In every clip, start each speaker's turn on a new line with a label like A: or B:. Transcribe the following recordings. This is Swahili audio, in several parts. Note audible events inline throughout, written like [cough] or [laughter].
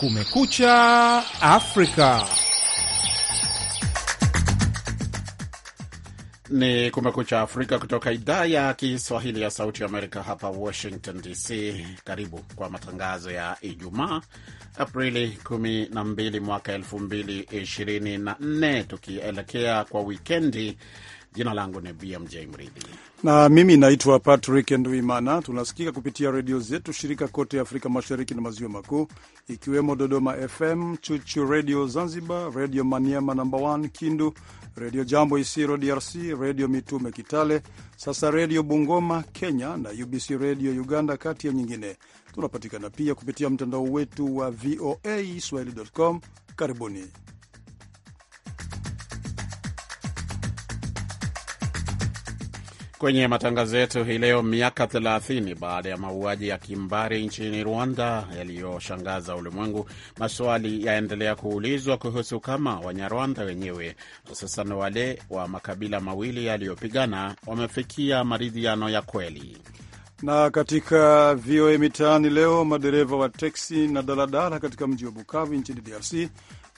A: Kumekucha Afrika. Ni Kumekucha Afrika kutoka idhaa ya Kiswahili ya Sauti ya Amerika hapa Washington DC. Karibu kwa matangazo ya Ijumaa Aprili 12 mwaka 2024, tukielekea kwa wikendi. Jina langu ni BMJ Mridhi
B: na mimi naitwa Patrick Nduimana.
A: Tunasikika kupitia redio zetu shirika kote Afrika
B: Mashariki na Maziwa Makuu, ikiwemo Dodoma FM, Chuchu Redio Zanzibar, Redio Maniema namba 1 Kindu, Redio Jambo Isiro DRC, Redio Mitume Kitale, sasa Redio Bungoma Kenya na UBC Redio Uganda, kati ya nyingine. Tunapatikana pia kupitia mtandao wetu wa VOA swahili.com. Karibuni.
A: Kwenye matangazo yetu hii leo, miaka 30 baada ya mauaji ya kimbari nchini Rwanda yaliyoshangaza ulimwengu, maswali yaendelea kuulizwa kuhusu kama Wanyarwanda wenyewe, hususan wale wa makabila mawili yaliyopigana, wamefikia maridhiano ya kweli.
B: Na katika VOA Mitaani leo, madereva wa teksi na daladala katika mji wa Bukavu nchini DRC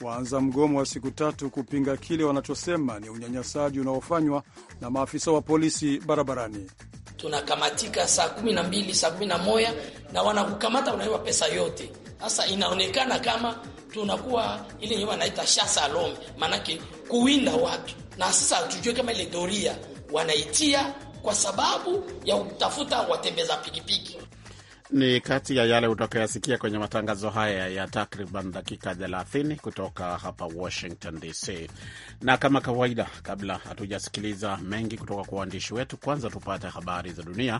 B: waanza mgomo wa siku tatu kupinga kile wanachosema ni unyanyasaji unaofanywa na maafisa wa polisi barabarani.
C: Tunakamatika saa kumi na mbili saa kumi na moja na wanakukamata unaiwa pesa yote. Sasa inaonekana kama tunakuwa ile nyuma naita shasa alome, maanake kuwinda watu, na sasa hatujue kama ile doria wanaitia kwa sababu ya kutafuta watembeza pikipiki
A: ni kati ya yale utakayasikia kwenye matangazo haya ya takriban dakika 30 kutoka hapa Washington DC. Na kama kawaida, kabla hatujasikiliza mengi kutoka kwa waandishi wetu, kwanza tupate habari za dunia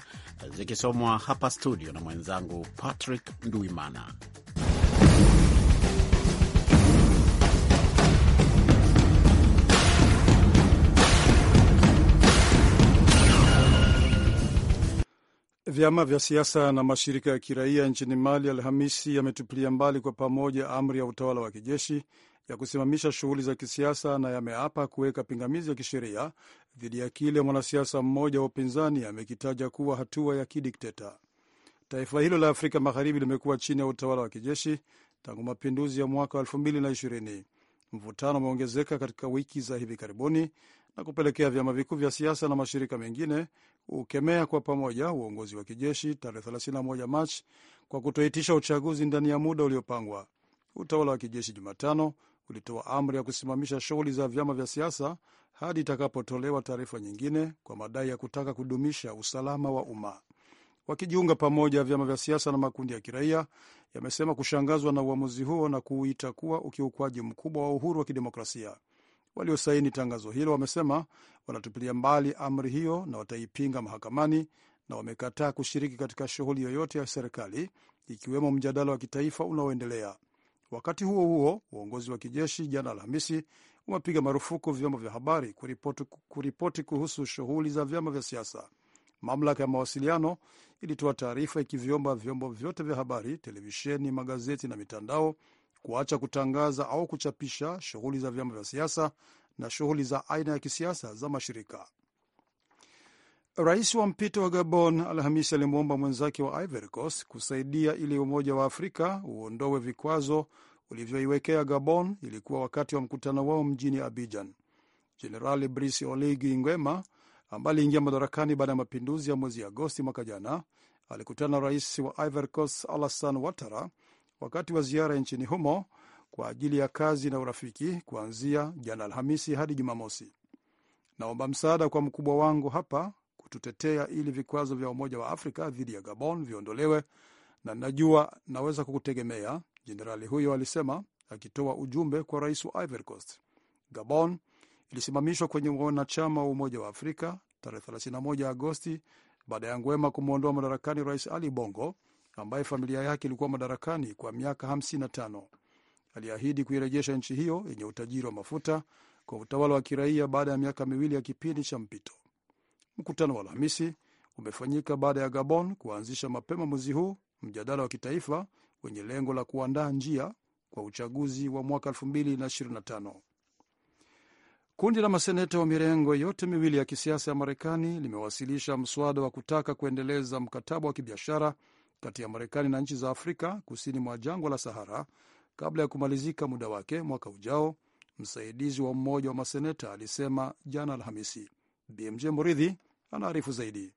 A: zikisomwa hapa studio na mwenzangu Patrick Nduimana.
B: Vyama vya siasa na mashirika ya kiraia nchini Mali Alhamisi yametupilia mbali kwa pamoja amri ya utawala wa kijeshi ya kusimamisha shughuli za kisiasa na yameapa kuweka pingamizi ya kisheria dhidi ya kile mwanasiasa mmoja wa upinzani amekitaja kuwa hatua ya kidikteta. Taifa hilo la Afrika Magharibi limekuwa chini ya utawala wa kijeshi tangu mapinduzi ya mwaka wa ishirini. Mvutano umeongezeka katika wiki za hivi karibuni na kupelekea vyama vikuu vya siasa na mashirika mengine ukemea kwa pamoja uongozi wa kijeshi tarehe 31 Machi kwa kutoitisha uchaguzi ndani ya muda uliopangwa. Utawala wa kijeshi Jumatano ulitoa amri ya kusimamisha shughuli za vyama vya siasa hadi itakapotolewa taarifa nyingine kwa madai ya kutaka kudumisha usalama wa umma. Wakijiunga pamoja, vyama vya siasa na makundi ya kiraia yamesema kushangazwa na uamuzi huo na kuuita kuwa ukiukwaji mkubwa wa uhuru wa kidemokrasia. Waliosaini tangazo hilo wamesema wanatupilia mbali amri hiyo na wataipinga mahakamani na wamekataa kushiriki katika shughuli yoyote ya serikali ikiwemo mjadala wa kitaifa unaoendelea. Wakati huo huo, uongozi wa kijeshi jana Alhamisi umepiga marufuku vyombo vya habari kuripoti, kuripoti kuhusu shughuli za vyama vya siasa. Mamlaka ya mawasiliano ilitoa taarifa ikivyomba vyombo vyote vya habari, televisheni, magazeti na mitandao kuacha kutangaza au kuchapisha shughuli za vyama vya siasa na shughuli za aina ya kisiasa za mashirika. Rais wa mpito wa Gabon Alhamisi alimwomba mwenzake wa Ivory Coast kusaidia ili Umoja wa Afrika uondowe vikwazo ulivyoiwekea Gabon. Ilikuwa wakati wa mkutano wao mjini Abidjan. Jenerali Brice Oligui Nguema ambaye aliingia madarakani baada ya mapinduzi ya mwezi Agosti mwaka jana alikutana rais wa Ivory Coast Alassane Ouattara wakati wa ziara nchini humo kwa ajili ya kazi na urafiki kuanzia jana Alhamisi hadi Jumamosi. Naomba msaada kwa mkubwa wangu hapa kututetea ili vikwazo vya Umoja wa Afrika dhidi ya Gabon viondolewe, na najua naweza kukutegemea, jenerali huyo alisema, akitoa ujumbe kwa rais wa Ivory Coast. Gabon ilisimamishwa kwenye wanachama wa Umoja wa Afrika tarehe 31 Agosti baada ya Ngwema kumwondoa madarakani Rais Ali Bongo ambaye familia yake ilikuwa madarakani kwa miaka 55. Aliahidi kuirejesha nchi hiyo yenye utajiri wa mafuta kwa utawala wa kiraia baada ya miaka miwili ya kipindi cha mpito. Mkutano wa Alhamisi umefanyika baada ya Gabon kuanzisha mapema mwezi huu mjadala wa kitaifa wenye lengo la kuandaa njia kwa uchaguzi wa mwaka 2025. Kundi la maseneta wa mirengo yote miwili ya kisiasa ya Marekani limewasilisha mswada wa kutaka kuendeleza mkataba wa kibiashara kati ya Marekani na nchi za Afrika kusini mwa jangwa la Sahara kabla ya kumalizika muda wake mwaka ujao, msaidizi wa mmoja wa maseneta alisema jana Alhamisi. BMJ Muridhi anaarifu zaidi.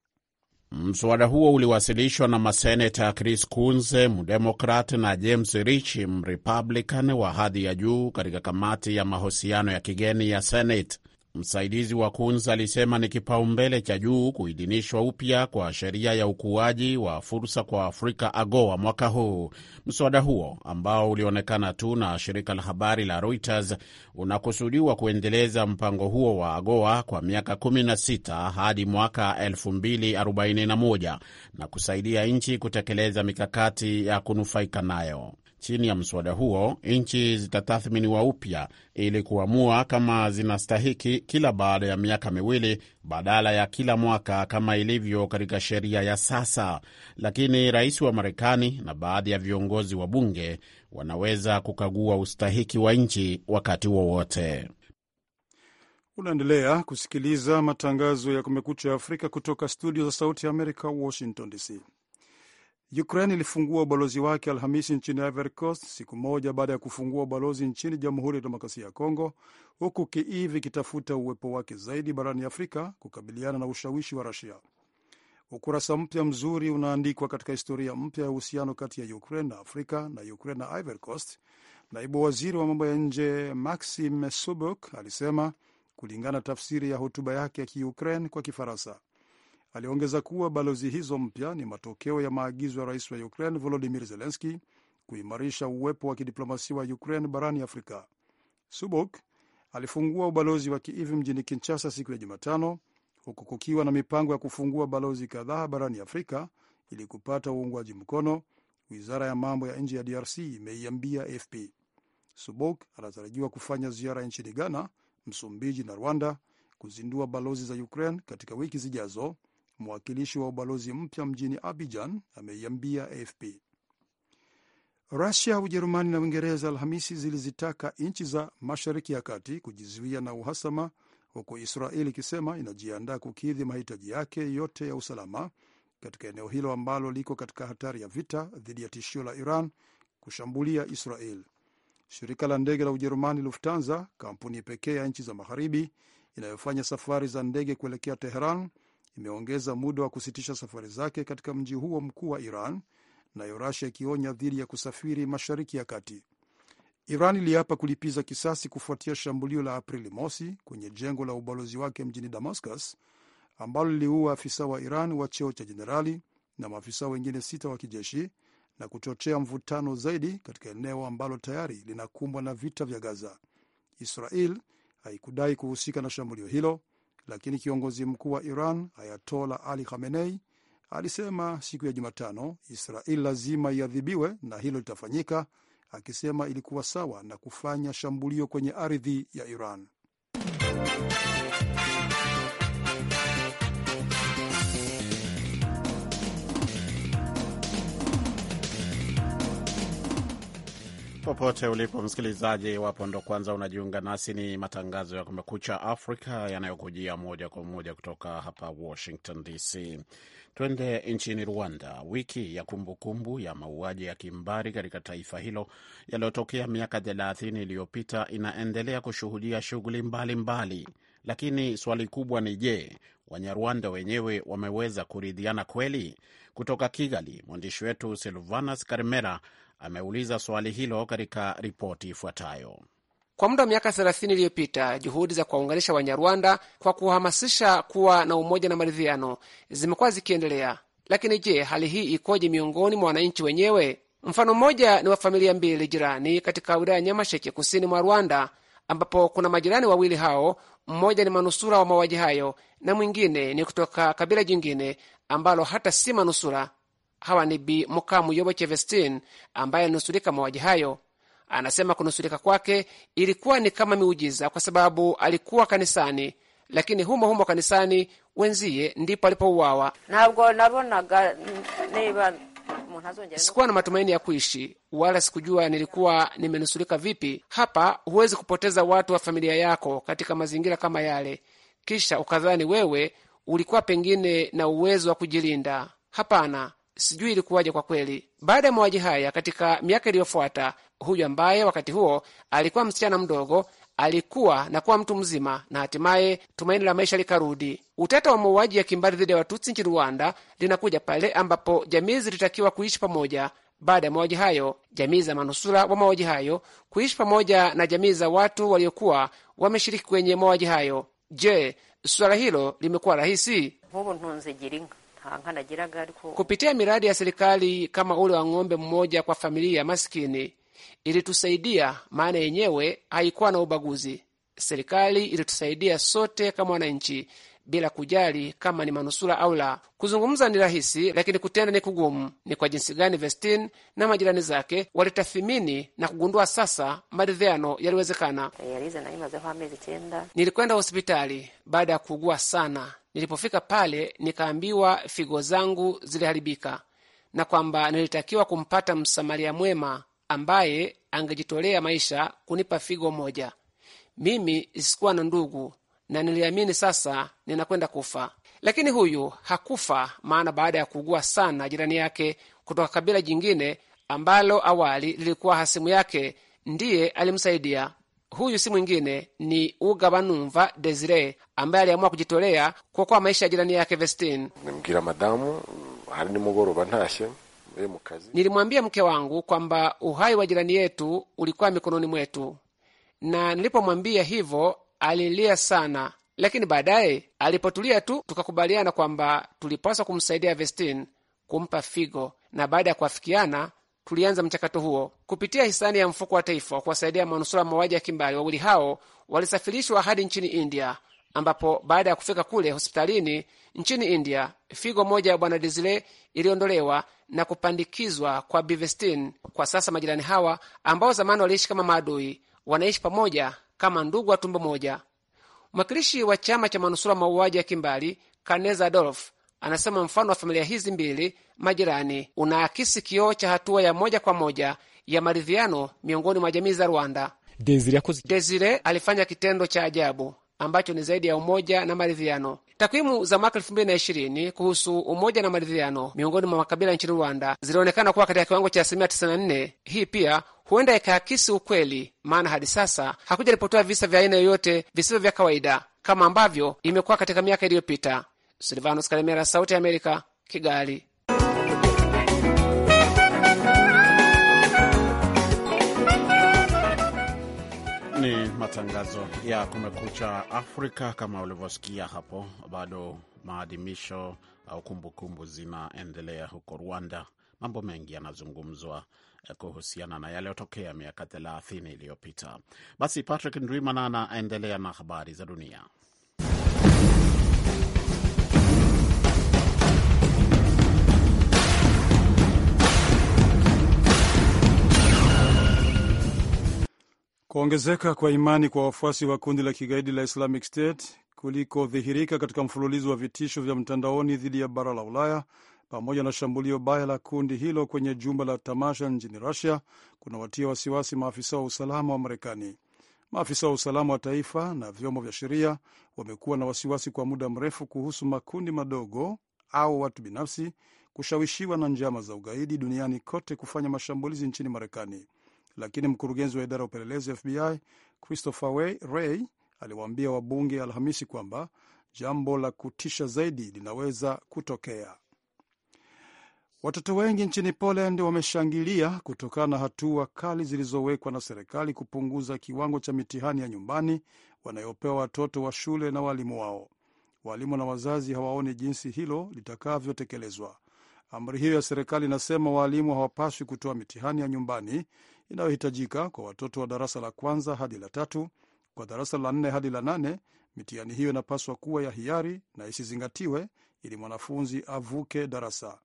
A: Mswada huo uliwasilishwa na maseneta Chris Kunze mdemokrat na James Rich mrepublican wa hadhi ya juu katika kamati ya mahusiano ya kigeni ya Senate. Msaidizi wa Kunz alisema ni kipaumbele cha juu kuidhinishwa upya kwa sheria ya ukuaji wa fursa kwa Afrika AGOA mwaka huu. Mswada huo ambao ulionekana tu na shirika la habari la Reuters unakusudiwa kuendeleza mpango huo wa AGOA kwa miaka 16 hadi mwaka 2041 na kusaidia nchi kutekeleza mikakati ya kunufaika nayo. Chini ya mswada huo, nchi zitatathminiwa upya ili kuamua kama zinastahiki kila baada ya miaka miwili badala ya kila mwaka kama ilivyo katika sheria ya sasa. Lakini rais wa Marekani na baadhi ya viongozi wa bunge wanaweza kukagua ustahiki wa nchi wakati wowote.
B: Unaendelea kusikiliza matangazo ya Kumekucha Afrika kutoka studio za Sauti ya Amerika, Washington DC. Ukraine ilifungua ubalozi wake Alhamisi nchini Ivory Coast, siku moja baada ya kufungua ubalozi nchini Jamhuri ya Demokrasia ya Kongo, huku Kiev ikitafuta uwepo wake zaidi barani Afrika kukabiliana na ushawishi wa Rusia. Ukurasa mpya mzuri unaandikwa katika historia mpya ya uhusiano kati ya Ukraine na Afrika na Ukraine na Ivory Coast, naibu waziri wa mambo ya nje Maxime subuk alisema kulingana tafsiri ya hotuba yake ya Kiukraine kwa Kifaransa. Aliongeza kuwa balozi hizo mpya ni matokeo ya maagizo ya rais wa Ukraine Volodimir Zelenski kuimarisha uwepo wa kidiplomasia wa Ukraine barani Afrika. Subok alifungua ubalozi wa Kiivi mjini Kinshasa siku ya Jumatano, huku kukiwa na mipango ya kufungua balozi kadhaa barani Afrika ili kupata uungwaji mkono. Wizara ya mambo ya nje ya DRC imeiambia AFP. Subok anatarajiwa kufanya ziara nchini Ghana, Msumbiji na Rwanda kuzindua balozi za Ukraine katika wiki zijazo, mwakilishi wa ubalozi mpya mjini Abidjan ameiambia AFP. Rusia, Ujerumani na Uingereza Alhamisi zilizitaka nchi za Mashariki ya Kati kujizuia na uhasama, huku Israeli ikisema inajiandaa kukidhi mahitaji yake yote ya usalama katika eneo hilo ambalo liko katika hatari ya vita dhidi ya tishio la Iran kushambulia Israel. Shirika la ndege la Ujerumani Lufthansa, kampuni pekee ya nchi za magharibi inayofanya safari za ndege kuelekea Teheran, imeongeza muda wa kusitisha safari zake katika mji huo mkuu wa Iran, nayo Rasia ikionya dhidi ya kusafiri mashariki ya kati. Iran iliapa kulipiza kisasi kufuatia shambulio la Aprili mosi kwenye jengo la ubalozi wake mjini Damascus ambalo liliua afisa wa Iran wa cheo cha jenerali na maafisa wengine sita wa kijeshi na kuchochea mvutano zaidi katika eneo ambalo tayari linakumbwa na vita vya Gaza. Israel haikudai kuhusika na shambulio hilo lakini kiongozi mkuu wa Iran Ayatola Ali Khamenei alisema siku ya Jumatano Israel lazima iadhibiwe na hilo litafanyika, akisema ilikuwa sawa na kufanya shambulio kwenye ardhi ya Iran.
A: Popote ulipo msikilizaji, iwapo ndo kwanza unajiunga nasi, ni matangazo ya Kumekucha Afrika yanayokujia moja kwa moja kutoka hapa Washington DC. Twende nchini Rwanda. Wiki ya kumbukumbu kumbu ya mauaji ya kimbari katika taifa hilo yaliyotokea miaka 30 iliyopita inaendelea kushuhudia shughuli mbalimbali, lakini swali kubwa ni je, Wanyarwanda wenyewe wameweza kuridhiana kweli? Kutoka Kigali, mwandishi wetu Silvanas Karmera ameuliza swali hilo katika ripoti ifuatayo.
D: Kwa muda wa miaka 30 iliyopita juhudi za kuwaunganisha Wanyarwanda kwa kuhamasisha kuwa na umoja na maridhiano zimekuwa zikiendelea. Lakini je, hali hii ikoje miongoni mwa wananchi wenyewe? Mfano mmoja ni wa familia mbili jirani katika wilaya ya Nyamasheke, kusini mwa Rwanda, ambapo kuna majirani wawili hao, mmoja ni manusura wa mauaji hayo na mwingine ni kutoka kabila jingine ambalo hata si manusura hawa ni Bi Mukamuyoboke Vestin ambaye anusurika mauaji hayo. Anasema kunusurika kwake ilikuwa ni kama miujiza, kwa sababu alikuwa kanisani, lakini humo humo kanisani wenziye ndipo alipouawa. Sikuwa na matumaini ya kuishi, wala sikujua nilikuwa nimenusurika vipi. Hapa huwezi kupoteza watu wa familia yako katika mazingira kama yale, kisha ukadhani wewe ulikuwa pengine na uwezo wa kujilinda. Hapana. Sijui ilikuwaje kwa kweli. Baada ya mauaji haya, katika miaka iliyofuata, huyu ambaye wakati huo alikuwa msichana mdogo alikuwa na kuwa mtu mzima na hatimaye tumaini la maisha likarudi. Utata wa mauaji ya kimbari dhidi ya Watutsi nchini Rwanda linakuja pale ambapo jamii zilitakiwa kuishi pamoja baada ya mauaji hayo, jamii za manusura wa mauaji hayo kuishi pamoja na jamii za watu waliokuwa wameshiriki kwenye mauaji hayo. Je, suala hilo limekuwa rahisi? kupitia miradi ya serikali kama ule wa ng'ombe mmoja kwa familia maskini ilitusaidia, maana yenyewe haikuwa na ubaguzi. Serikali ilitusaidia sote kama wananchi bila kujali kama ni manusura au la. Kuzungumza ni rahisi, lakini kutenda ni kugumu. Ni kwa jinsi gani Vestin na majirani zake walitathimini na kugundua sasa maridhiano yaliwezekana. Eh, Nilikwenda hospitali baada ya kuugua sana. Nilipofika pale, nikaambiwa figo zangu ziliharibika na kwamba nilitakiwa kumpata msamaria mwema ambaye angejitolea maisha kunipa figo moja. Mimi sikuwa na ndugu na niliamini sasa ninakwenda kufa, lakini huyu hakufa, maana baada ya kuugua sana, jirani yake kutoka kabila jingine ambalo awali lilikuwa hasimu yake ndiye alimsaidia. Huyu si mwingine ni Uga Desire ambaye aliamua kujitolea kuokoa maisha ya jirani yake Vestine.
A: Nimbwira madamu hari
D: Nilimwambia mke wangu kwamba uhai wa jirani yetu ulikuwa mikononi mwetu, na nilipomwambia hivyo alilia sana, lakini baadaye alipotulia tu tukakubaliana kwamba tulipaswa kumsaidia Vestin kumpa figo, na baada ya kuafikiana tulianza mchakato huo kupitia hisani ya mfuko wa taifa wa kuwasaidia manusura mauaji ya kimbali. Wawili hao walisafirishwa hadi nchini India, ambapo baada ya kufika kule hospitalini nchini India, figo moja ya bwana Desire iliondolewa na kupandikizwa kwa Bivestin. Kwa sasa majirani hawa ambao zamani waliishi kama maadui wanaishi pamoja kama ndugu wa tumbo moja. Mwakilishi wa chama cha manusura mauaji ya kimbali Kaneza Adolf anasema mfano wa familia hizi mbili majirani unaakisi kioo cha hatua ya moja kwa moja ya maridhiano miongoni mwa jamii za Rwanda. Desire alifanya kitendo cha ajabu ambacho ni zaidi ya umoja na maridhiano. Takwimu za mwaka ishirini kuhusu umoja na maridhiano miongoni mwa makabila nchini Rwanda zilionekana kuwa katika kiwango cha asilimia 94. Hii pia huenda ikaakisi ukweli, maana hadi sasa hakuja hakujaripotiwa visa vya aina yoyote visivyo vya kawaida kama ambavyo imekuwa katika miaka iliyopita. Silvanos Kalemera, Sauti ya Amerika, Kigali. matangazo ya
A: Kumekucha Afrika. Kama ulivyosikia hapo, bado maadhimisho au kumbukumbu zinaendelea huko Rwanda. Mambo mengi yanazungumzwa eh, kuhusiana na yaliyotokea miaka thelathini iliyopita. Basi Patrick Ndwimana anaendelea na habari za dunia.
B: Kuongezeka kwa imani kwa wafuasi wa kundi la kigaidi la Islamic State kulikodhihirika katika mfululizo wa vitisho vya mtandaoni dhidi ya bara la Ulaya pamoja na shambulio baya la kundi hilo kwenye jumba la tamasha nchini Rusia kunawatia wasiwasi maafisa wa usalama wa Marekani. Maafisa wa usalama wa taifa na vyombo vya sheria wamekuwa na wasiwasi kwa muda mrefu kuhusu makundi madogo au watu binafsi kushawishiwa na njama za ugaidi duniani kote kufanya mashambulizi nchini Marekani lakini mkurugenzi wa idara ya upelelezi FBI Christopher Wray aliwaambia wabunge Alhamisi kwamba jambo la kutisha zaidi linaweza kutokea. Watoto wengi nchini Poland wameshangilia kutokana na hatua kali zilizowekwa na serikali kupunguza kiwango cha mitihani ya nyumbani wanayopewa watoto wa shule na walimu wao. Walimu na wazazi hawaoni jinsi hilo litakavyotekelezwa. Amri hiyo ya serikali inasema waalimu hawapaswi kutoa mitihani ya nyumbani inayohitajika kwa watoto wa darasa la kwanza hadi la tatu. Kwa darasa la nne hadi la nane, mitihani hiyo inapaswa kuwa ya hiari na isizingatiwe ili mwanafunzi avuke darasa.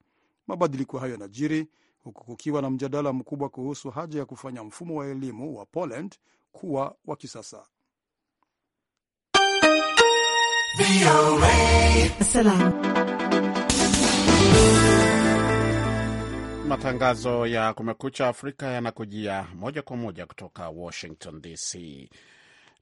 B: Mabadiliko hayo yanajiri huku kukiwa na mjadala mkubwa kuhusu haja ya kufanya mfumo wa elimu wa Poland kuwa wa kisasa.
A: Salam. Matangazo ya Kumekucha Afrika yanakujia moja kwa moja kutoka Washington DC.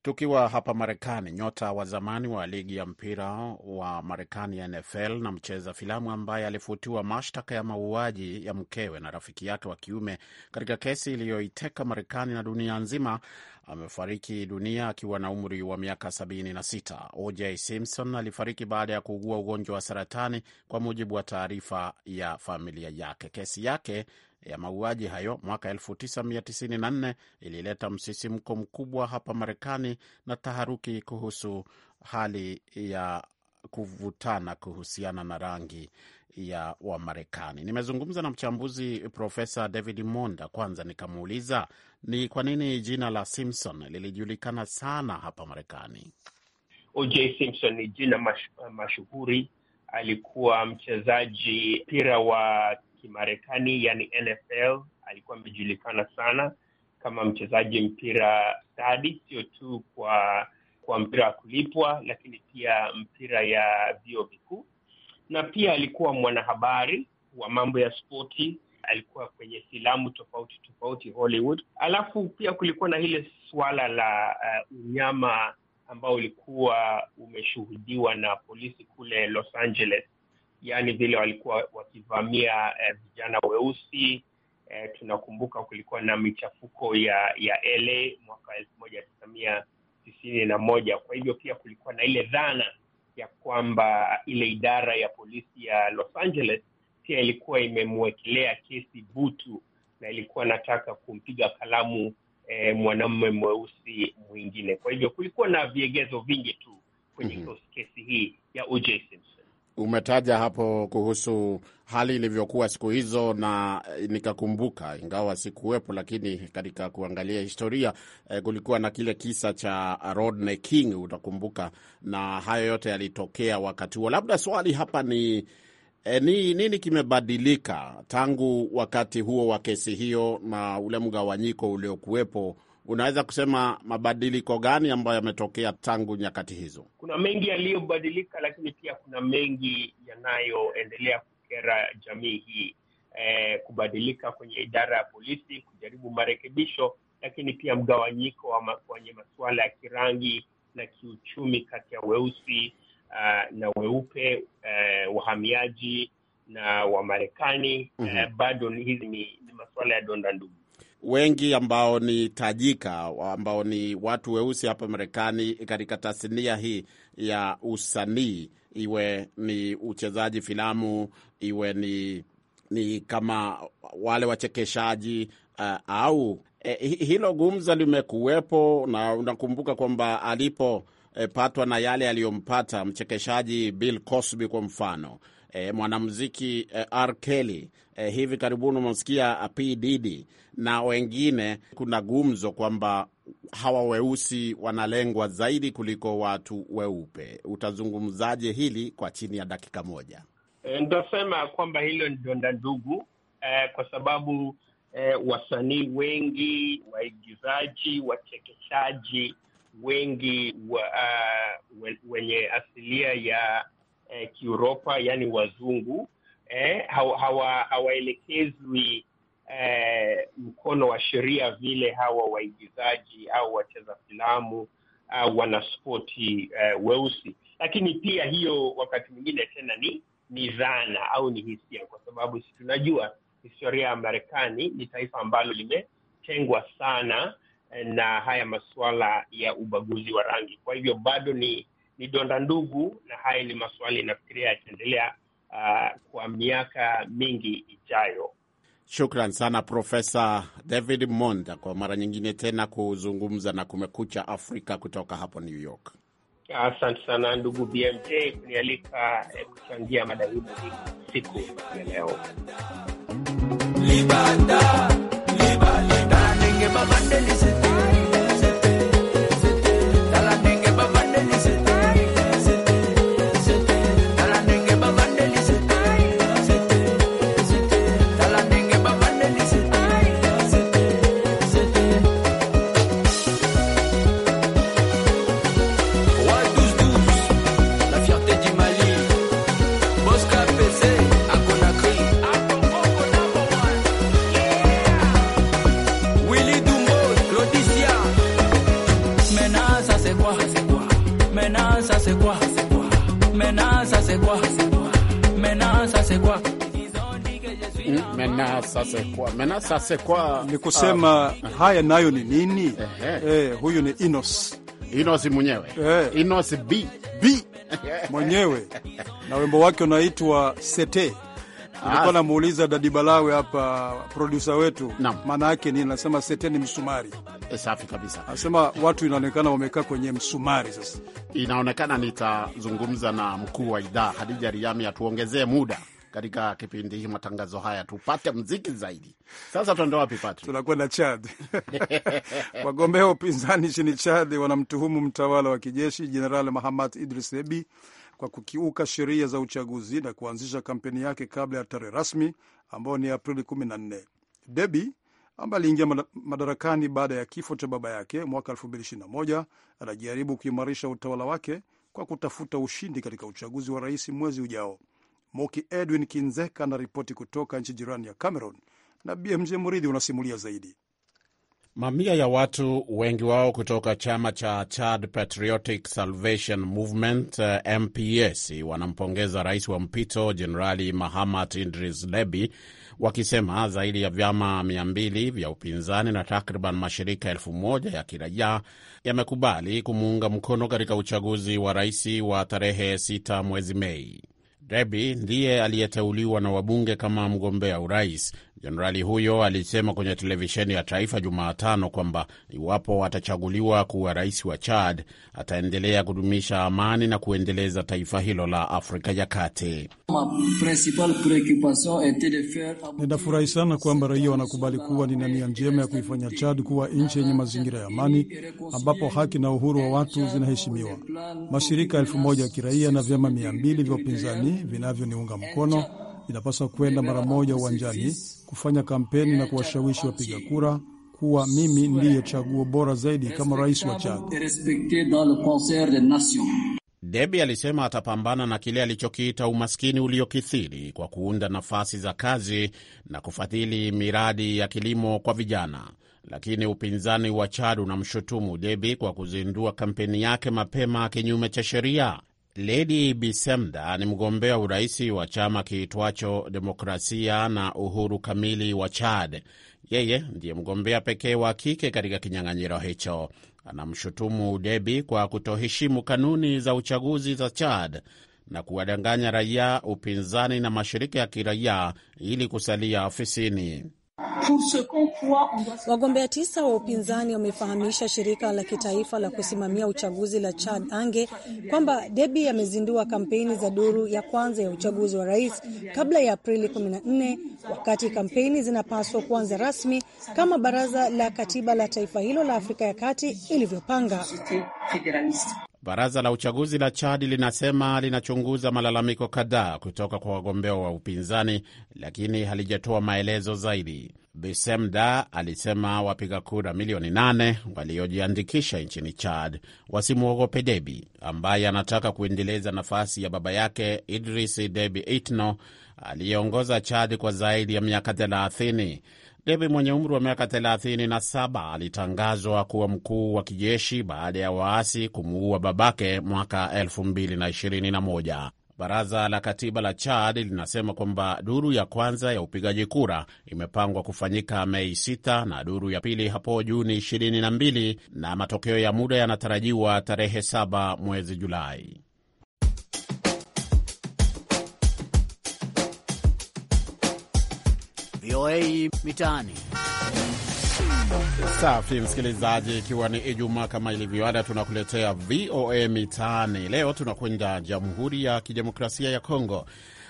A: Tukiwa hapa Marekani, nyota wa zamani wa ligi ya mpira wa Marekani ya NFL na mcheza filamu ambaye alifutiwa mashtaka ya mauaji ya mkewe na rafiki yake wa kiume katika kesi iliyoiteka Marekani na dunia nzima amefariki dunia akiwa na umri wa miaka 76. OJ Simpson alifariki baada ya kuugua ugonjwa wa saratani, kwa mujibu wa taarifa ya familia yake. Kesi yake ya mauaji hayo mwaka 1994 ilileta msisimko mkubwa hapa Marekani na taharuki kuhusu hali ya kuvutana kuhusiana na rangi ya Wamarekani. Nimezungumza na mchambuzi Profesa David Monda, kwanza nikamuuliza ni kwa nini jina la Simpson lilijulikana sana hapa Marekani.
E: OJ Simpson ni jina mash, mashuhuri. Alikuwa mchezaji mpira wa Kimarekani, yani NFL. Alikuwa amejulikana sana kama mchezaji mpira stadi, sio tu kwa kwa mpira wa kulipwa, lakini pia mpira ya vio vikuu, na pia alikuwa mwanahabari wa mambo ya spoti alikuwa kwenye filamu tofauti tofauti Hollywood. Alafu pia kulikuwa na ile suala la uh, unyama ambao ulikuwa umeshuhudiwa na polisi kule Los Angeles yani vile walikuwa wakivamia eh, vijana weusi eh, tunakumbuka kulikuwa na michafuko ya ya LA mwaka elfu moja tisa mia tisini na moja. Kwa hivyo pia kulikuwa na ile dhana ya kwamba ile idara ya polisi ya Los Angeles pia ilikuwa imemwekelea kesi butu na ilikuwa nataka kumpiga kalamu E, mwanamume mweusi mwingine. Kwa hivyo kulikuwa na viegezo vingi tu kwenye mm -hmm. kesi hii ya O.J. Simpson.
A: Umetaja hapo kuhusu hali ilivyokuwa siku hizo na eh, nikakumbuka, ingawa sikuwepo, lakini katika kuangalia historia eh, kulikuwa na kile kisa cha Rodney King, utakumbuka, na hayo yote yalitokea wakati huo. Labda swali hapa ni E, ni nini kimebadilika tangu wakati huo wa kesi hiyo na ule mgawanyiko uliokuwepo unaweza kusema mabadiliko gani ambayo yametokea tangu nyakati hizo?
E: Kuna mengi yaliyobadilika, lakini pia kuna mengi yanayoendelea kukera jamii hii. Eh, kubadilika kwenye idara ya polisi, kujaribu marekebisho, lakini pia mgawanyiko wa kwenye masuala ya kirangi na kiuchumi kati ya weusi uh, na weupe uh, wahamiaji na Wamarekani mm -hmm. Uh, bado hizi ni, ni masuala ya donda ndugu
A: wengi ambao ni tajika ambao ni watu weusi hapa Marekani katika tasnia hii ya usanii, iwe ni uchezaji filamu, iwe ni ni kama wale wachekeshaji uh, au eh, hilo gumza limekuwepo, na unakumbuka kwamba alipopatwa eh, na yale aliyompata mchekeshaji Bill Cosby kwa mfano e, mwanamziki e, R Kelly e, hivi karibuni umemsikia P Diddy na wengine. Kuna gumzo kwamba hawa weusi wanalengwa zaidi kuliko watu weupe. Utazungumzaje hili kwa chini ya dakika moja?
E: E, nitasema kwamba hilo ni donda ndugu e, kwa sababu e, wasanii wengi, waigizaji, wachekeshaji wengi wa, uh, wenye asilia ya eh, Kiuropa, yaani wazungu eh, hawaelekezwi eh, mkono wa sheria vile hawa waigizaji au wacheza filamu au wanaspoti eh, weusi. Lakini pia hiyo wakati mwingine tena ni ni dhana au ni hisia, kwa sababu si tunajua historia ya Marekani ni taifa ambalo limetengwa sana eh, na haya masuala ya ubaguzi wa rangi. Kwa hivyo bado ni ni donda ndugu, na haya ni maswali nafikiria yataendelea uh, kwa miaka mingi ijayo.
A: Shukran sana Profesa David Monda kwa mara nyingine tena kuzungumza na Kumekucha Afrika kutoka hapo New York.
E: Asante sana ndugu BMJ kunialika eh, kuchangia mada hii muhimu
C: siku ya leo. Libanda, libanda,
A: menasa sekwa
B: ni kusema
A: uh, haya nayo ni nini? Eh, huyu ni Inos Inos mwenyewe
B: eh, Inos B B mwenyewe na wimbo wake unaitwa Sete. Nilikuwa ah. namuuliza Dadi Balawe hapa produsa wetu, maana yake nini?
A: Anasema sete ni msumari. Eh, safi kabisa, anasema watu inaonekana wamekaa kwenye msumari. Sasa inaonekana nitazungumza na mkuu wa idhaa Hadija Riami atuongezee muda katika kipindi hii, matangazo haya, tupate mziki zaidi. Sasa tuende wapi, Pat, Tunakwenda Chad.
B: [laughs] Wagombea
A: upinzani nchini
B: Chad wanamtuhumu mtawala wa kijeshi Jenerali Mahamad Idris ebi kwa kukiuka sheria za uchaguzi na kuanzisha kampeni yake kabla ya tarehe rasmi ambayo ni Aprili 14. debi ambaye aliingia madarakani baada ya kifo cha baba yake mwaka 2021 anajaribu kuimarisha utawala wake kwa kutafuta ushindi katika uchaguzi wa rais mwezi ujao. Moki Edwin Kinzeka anaripoti kutoka nchi jirani ya Cameroon na BMJ Muridhi unasimulia zaidi.
A: Mamia ya watu, wengi wao kutoka chama cha Chad Patriotic Salvation Movement, eh, MPS, wanampongeza rais wa mpito Jenerali Mahamat Idris Deby wakisema zaidi ya vyama 200 vya upinzani na takriban mashirika elfu moja ya kiraia yamekubali kumuunga mkono katika uchaguzi wa rais wa tarehe 6 mwezi Mei. Deby ndiye aliyeteuliwa na wabunge kama mgombea urais. Jenerali huyo alisema kwenye televisheni ya taifa Jumatano kwamba iwapo atachaguliwa kuwa rais wa Chad, ataendelea kudumisha amani na kuendeleza taifa hilo la Afrika ya Kati.
B: Ninafurahi sana kwamba raia wanakubali kuwa nina nia njema ya kuifanya Chad kuwa nchi yenye mazingira ya amani, ambapo haki na uhuru wa watu zinaheshimiwa. Mashirika elfu moja ya kiraia na vyama mia mbili vya upinzani vinavyoniunga mkono vinapaswa kwenda mara moja uwanjani kufanya kampeni na kuwashawishi wapiga kura kuwa mimi ndiye chaguo bora zaidi kama rais wa Chad.
A: Debi alisema atapambana na kile alichokiita umaskini uliokithiri kwa kuunda nafasi za kazi na kufadhili miradi ya kilimo kwa vijana. Lakini upinzani wa Chad unamshutumu Debi kwa kuzindua kampeni yake mapema kinyume cha sheria. Ledi Bisemda ni mgombea urais wa chama kiitwacho Demokrasia na Uhuru Kamili wa Chad. Yeye ndiye mgombea pekee wa kike katika kinyang'anyiro hicho. Anamshutumu Debi kwa kutoheshimu kanuni za uchaguzi za Chad na kuwadanganya raia, upinzani na mashirika ya kiraia ili kusalia ofisini.
C: Wagombea tisa wa upinzani wamefahamisha shirika la kitaifa la kusimamia uchaguzi la Chad Ange kwamba debi amezindua kampeni za duru ya kwanza ya uchaguzi wa rais kabla ya Aprili 14 wakati kampeni zinapaswa kuanza rasmi kama baraza la katiba la taifa hilo la Afrika ya Kati ilivyopanga.
A: Baraza la uchaguzi la chad linasema linachunguza malalamiko kadhaa kutoka kwa wagombea wa upinzani, lakini halijatoa maelezo zaidi. Bisemda alisema wapiga kura milioni nane waliojiandikisha nchini Chad wasimwogope Debi ambaye anataka kuendeleza nafasi ya baba yake Idris Debi Itno aliyeongoza Chad kwa zaidi ya miaka 0 Deby mwenye umri wa miaka 37 alitangazwa kuwa mkuu wa kijeshi baada ya waasi kumuua babake mwaka 2021. Baraza la Katiba la Chad linasema kwamba duru ya kwanza ya upigaji kura imepangwa kufanyika Mei 6 na duru ya pili hapo Juni 22 na matokeo ya muda yanatarajiwa tarehe 7 mwezi Julai. VOA Mitaani. Safi msikilizaji, ikiwa ni Ijumaa kama ilivyoada, tunakuletea VOA Mitaani. Leo tunakwenda Jamhuri ya Kidemokrasia ya Kongo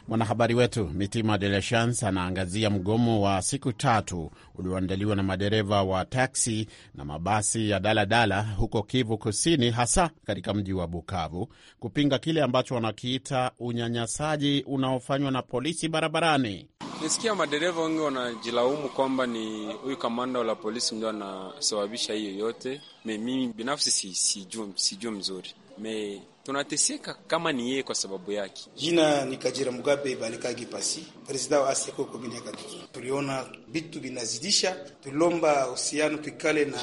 A: Mwanahabari wetu Mitima De La Chance anaangazia mgomo wa siku tatu ulioandaliwa na madereva wa taksi na mabasi ya daladala huko Kivu Kusini, hasa katika mji wa Bukavu, kupinga kile ambacho wanakiita unyanyasaji unaofanywa na polisi barabarani. Nisikia madereva wengi wanajilaumu kwamba ni huyu kamanda la polisi ndio anasababisha hiyo yote. Mimi binafsi sijui si, si, mzuri me tunateseka kama ni yeye kwa sababu yake.
F: Jina ni Kajira Mugabe Balikagi Pasi, presida wa ASECO komini ya Katiki. Tuliona vitu vinazidisha, tulilomba usiano tuikale na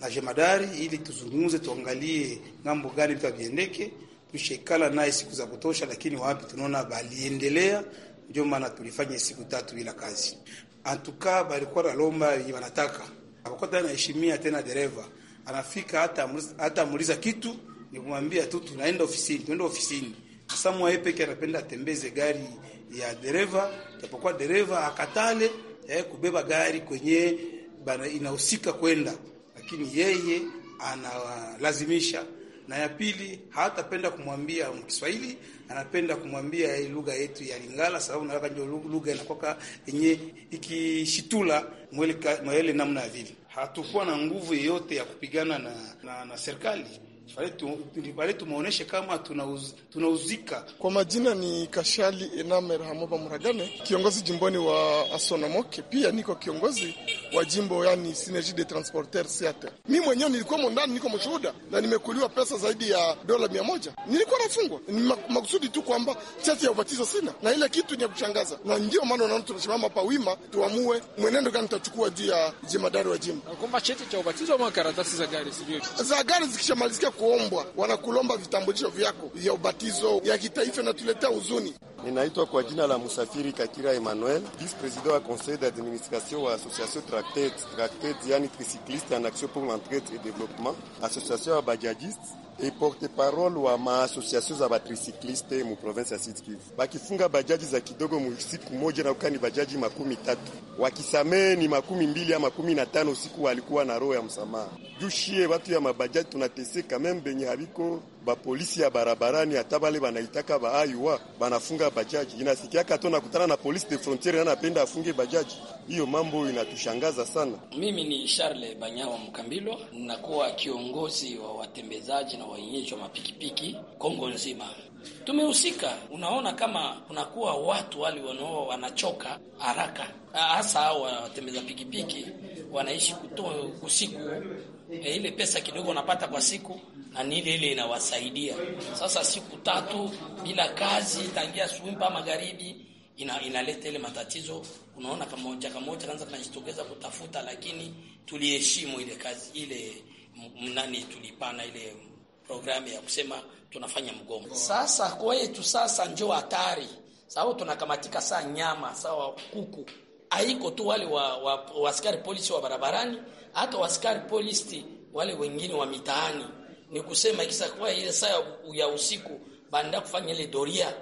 F: na jemadari ili tuzungumze, tuangalie ngambo gani vitu viendeke. Tushekala naye siku za kutosha, lakini wapi, tunaona baliendelea. Ndio maana tulifanya siku tatu bila kazi, antuka balikuwa nalomba yenye wanataka, akakuwa tena naheshimia tena dereva anafika hata hata amuliza kitu ni kumwambia tu tunaenda ofisini, tuende ofisini. Samu yeye peke anapenda atembeze gari ya dereva, japokuwa dereva akatale eh, kubeba gari kwenye bana inahusika kwenda, lakini yeye analazimisha. Na ya pili, hatapenda kumwambia Kiswahili, anapenda kumwambia lugha yetu ya Lingala, sababu nataka ndio lugha inakoka yenye ikishitula mwele namna ya vile. Hatukuwa na nguvu yeyote ya kupigana na, na, na serikali pale tumeoneshe kama tunauzika. Kwa majina ni Kashali Enamer Hamoba Muragane, kiongozi jimboni wa Asonamoke, pia niko kiongozi wa jimbo
A: yani Synergie de Transporteur Seate. Mi mwenyewe nilikuwa mondani, niko mshuhuda na nimekuliwa pesa zaidi ya dola mia moja. Nilikuwa nafungwa ni makusudi tu kwamba chati ya ubatizo sina, na ile kitu ni ya kushangaza, na ndio maana unaona tunasimama pa wima tuamue mwenendo gani tutachukua juu ya jemadari
D: wa jimbo, Kumba cheti cha ubatizo ama karatasi za gari, sivyo
A: za gari zikishamalizikia kuombwa, wanakulomba vitambulisho vyako vya ubatizo ya kitaifa, inatuletea huzuni. Ninaitwa kwa jina
B: la Musafiri Kakira Emmanuel, vice president wa conseil d'administration wa association Tractet, Tractet yani tricycliste en action pour l'entraide et développement, association ya bajajiste e porte
F: parole wa maasosiasio za batricycliste mu province ya Sud Kivu, bakifunga bajaji za kidogo mu siku moja na kani bajaji makumi tatu wakisamee ni makumi mbili ama makumi na
B: tano siku walikuwa na roho ya msamaha jushie watu ya mabajaji tunateseka benye habiko
F: bapolisi ya barabarani hata bale banaitaka baaiwa banafunga bajaji. Inasikiaka to nakutana na polisi de frontiere na afunge bajaji. Hiyo mambo inatushangaza sana.
C: Mimi ni Charles Banyawa Mkambilo, nakuwa kiongozi wa watembezaji na waenyeji wa mapikipiki Kongo nzima. Tumehusika, unaona kama kunakuwa watu wale wanao wanachoka haraka, hasa hao watembeza pikipiki wanaishi kuto, kusiku e, ile pesa kidogo wanapata kwa siku na ni ile ile inawasaidia sasa. Siku tatu bila kazi tangia asubuhi mpaka magharibi ina, inaleta ile matatizo. Unaona kamoja kamoja kwanza tunajitokeza kutafuta, lakini tuliheshimu ile kazi ile mnani tulipana ile programu ya kusema tunafanya mgomo. Sasa kwetu sasa njo hatari, sababu tunakamatika saa nyama sawa kuku haiko tu wale wa, wa, wa askari polisi wa barabarani, hata waaskari polisi wale wengine wa mitaani. Ni kusema ikisakuwa ile saa ya usiku baada kufanya ile doria,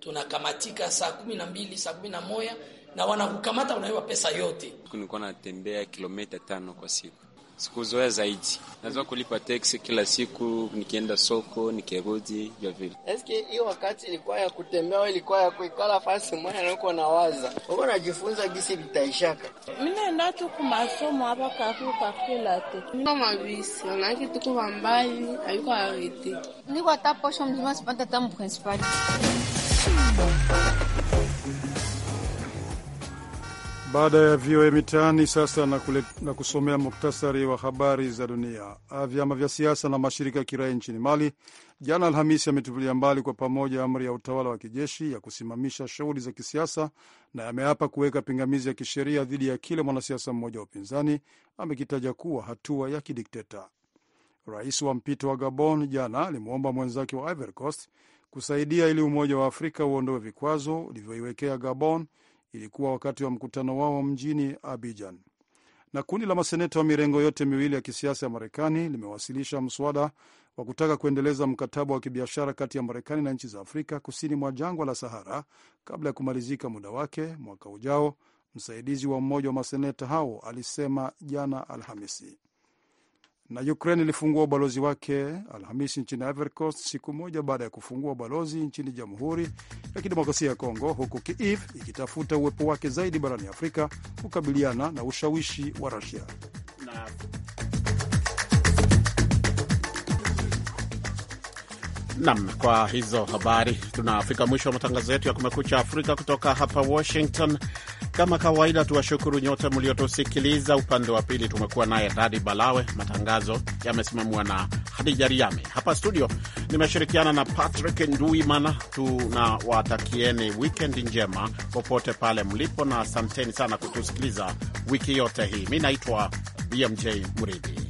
C: tunakamatika saa kumi na mbili saa kumi na moja na wanakukamata, unaiwa pesa yote.
A: Nilikuwa natembea kilomita tano kwa siku sikuzoea zaidi. Naweza kulipa teksi kila siku, nikienda soko, nikirudi vya vile.
C: Eski hiyo wakati ilikuwa ya kutembea, ilikuwa ya kuikala fasi moja, na uko nawaza uko najifunza gisi vitaishaka.
F: Mimi naenda tu kwa masomo
C: hapa kafu kakula tu niko mabisi manake tuko vambali aiko awete niko hata posho mzima sipata tamu principal
B: baada ya VOA e Mitaani, sasa na, kule, na kusomea muktasari wa habari za dunia. Ah, vyama vya siasa na mashirika ya kiraia nchini Mali jana Alhamisi ametupilia mbali kwa pamoja amri ya utawala wa kijeshi ya kusimamisha shughuli za kisiasa na yameapa kuweka pingamizi ya kisheria dhidi ya kile mwanasiasa mmoja wa upinzani amekitaja kuwa hatua ya kidikteta. Rais wa mpito wa Gabon jana alimwomba mwenzake wa Ivory Coast kusaidia ili Umoja wa Afrika uondoe vikwazo ulivyoiwekea Gabon Ilikuwa wakati wa mkutano wao mjini Abidjan. Na kundi la maseneta wa mirengo yote miwili ya kisiasa ya Marekani limewasilisha mswada wa kutaka kuendeleza mkataba wa kibiashara kati ya Marekani na nchi za Afrika kusini mwa jangwa la Sahara kabla ya kumalizika muda wake mwaka ujao. Msaidizi wa mmoja wa maseneta hao alisema jana Alhamisi na Ukraine ilifungua ubalozi wake Alhamisi nchini Ivory Coast siku moja baada ya kufungua ubalozi nchini Jamhuri ya Kidemokrasia ya Kongo, huku Kiev ikitafuta uwepo wake zaidi barani Afrika kukabiliana na ushawishi wa Rusia.
A: Nam, kwa hizo habari tunafika mwisho wa matangazo yetu ya Kumekucha Afrika kutoka hapa Washington. Kama kawaida, tuwashukuru nyote mliotusikiliza. Upande wa pili tumekuwa naye Radi Balawe. Matangazo yamesimamiwa na Hadija riami Hapa studio nimeshirikiana na Patrick Nduimana. Tunawatakieni wikendi njema popote pale mlipo, na asanteni sana kutusikiliza wiki yote hii. Mi naitwa BMJ Muridhi.